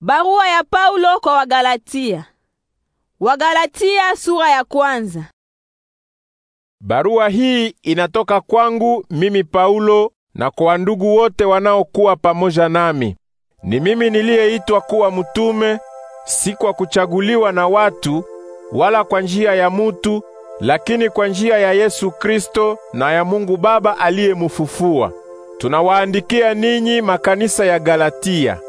Barua ya Paulo kwa Wagalatia. Wagalatia sura ya kwanza. Barua hii inatoka kwangu mimi Paulo na kwa ndugu wote wanaokuwa pamoja nami. Ni mimi niliyeitwa kuwa mtume si kwa kuchaguliwa na watu wala kwa njia ya mutu, lakini kwa njia ya Yesu Kristo na ya Mungu Baba aliyemufufua. Tunawaandikia ninyi makanisa ya Galatia.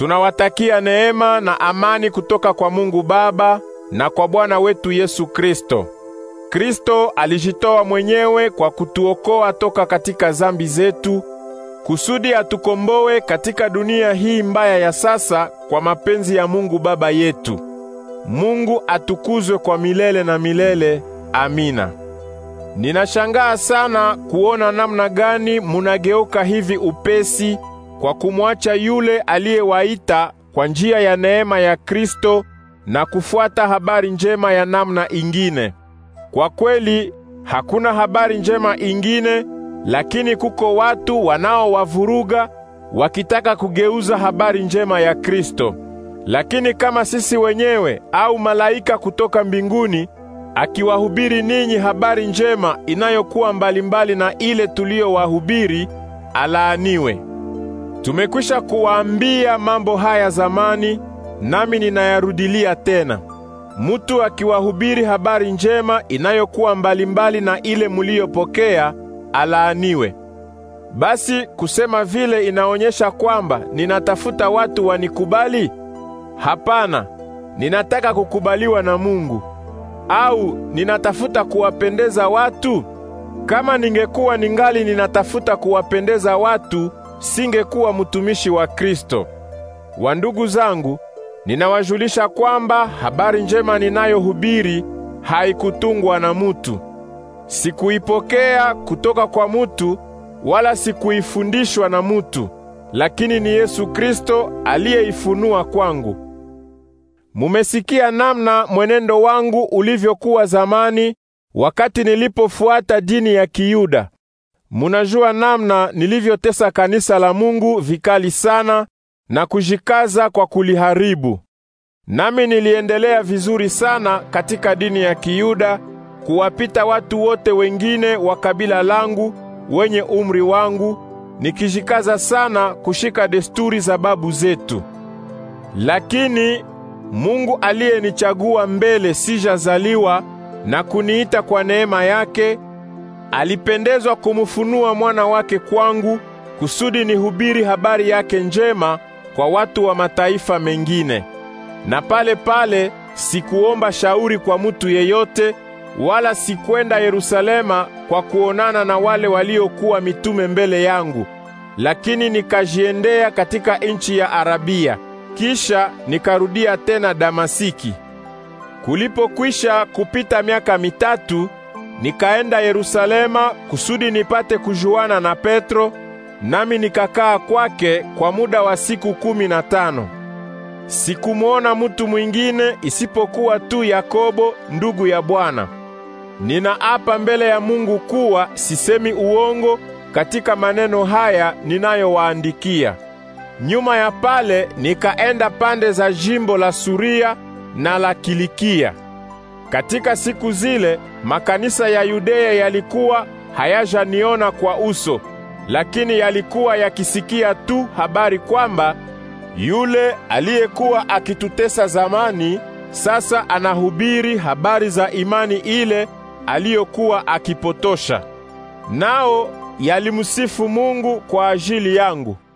Tunawatakia neema na amani kutoka kwa Mungu Baba na kwa Bwana wetu Yesu Kristo. Kristo alijitoa mwenyewe kwa kutuokoa toka katika zambi zetu kusudi atukomboe katika dunia hii mbaya ya sasa kwa mapenzi ya Mungu Baba yetu. Mungu atukuzwe kwa milele na milele. Amina. Ninashangaa sana kuona namna gani munageuka hivi upesi kwa kumwacha yule aliyewaita kwa njia ya neema ya Kristo na kufuata habari njema ya namna ingine. Kwa kweli hakuna habari njema ingine, lakini kuko watu wanaowavuruga wakitaka kugeuza habari njema ya Kristo. Lakini kama sisi wenyewe au malaika kutoka mbinguni akiwahubiri ninyi habari njema inayokuwa mbalimbali na ile tuliyowahubiri, alaaniwe. Tumekwisha kuwaambia mambo haya zamani, nami ninayarudilia tena. Mutu akiwahubiri habari njema inayokuwa mbalimbali na ile muliyopokea, alaaniwe. Basi kusema vile inaonyesha kwamba ninatafuta watu wanikubali? Hapana, ninataka kukubaliwa na Mungu. Au ninatafuta kuwapendeza watu? Kama ningekuwa ningali ninatafuta kuwapendeza watu, singekuwa mtumishi wa Kristo. Wandugu zangu, ninawajulisha kwamba habari njema ninayohubiri haikutungwa na mutu. Sikuipokea kutoka kwa mutu wala sikuifundishwa na mutu, lakini ni Yesu Kristo aliyeifunua kwangu. Mumesikia namna mwenendo wangu ulivyokuwa zamani wakati nilipofuata dini ya Kiyuda. Munajua namna nilivyotesa kanisa la Mungu vikali sana na kujikaza kwa kuliharibu. Nami niliendelea vizuri sana katika dini ya Kiyuda kuwapita watu wote wengine wa kabila langu wenye umri wangu, nikijikaza sana kushika desturi za babu zetu. Lakini Mungu aliyenichagua mbele sijazaliwa na kuniita kwa neema yake alipendezwa kumfunua mwana wake kwangu kusudi nihubiri habari yake njema kwa watu wa mataifa mengine. Na pale pale sikuomba shauri kwa mutu yeyote, wala sikwenda Yerusalema kwa kuonana na wale waliokuwa mitume mbele yangu, lakini nikajiendea katika nchi ya Arabia, kisha nikarudia tena Damasiki. Kulipokwisha kupita miaka mitatu nikaenda Yerusalema kusudi nipate kujuana na Petro, nami nikakaa kwake kwa muda wa siku kumi na tano. Sikumwona mutu mwingine isipokuwa tu Yakobo ndugu ya Bwana. Ninaapa mbele ya Mungu kuwa sisemi uongo katika maneno haya ninayowaandikia. Nyuma ya pale nikaenda pande za jimbo la Suria na la Kilikia. Katika siku zile makanisa ya Yudea yalikuwa hayajaniona kwa uso, lakini yalikuwa yakisikia tu habari kwamba yule aliyekuwa akitutesa zamani sasa anahubiri habari za imani ile aliyokuwa akipotosha. Nao yalimsifu Mungu kwa ajili yangu.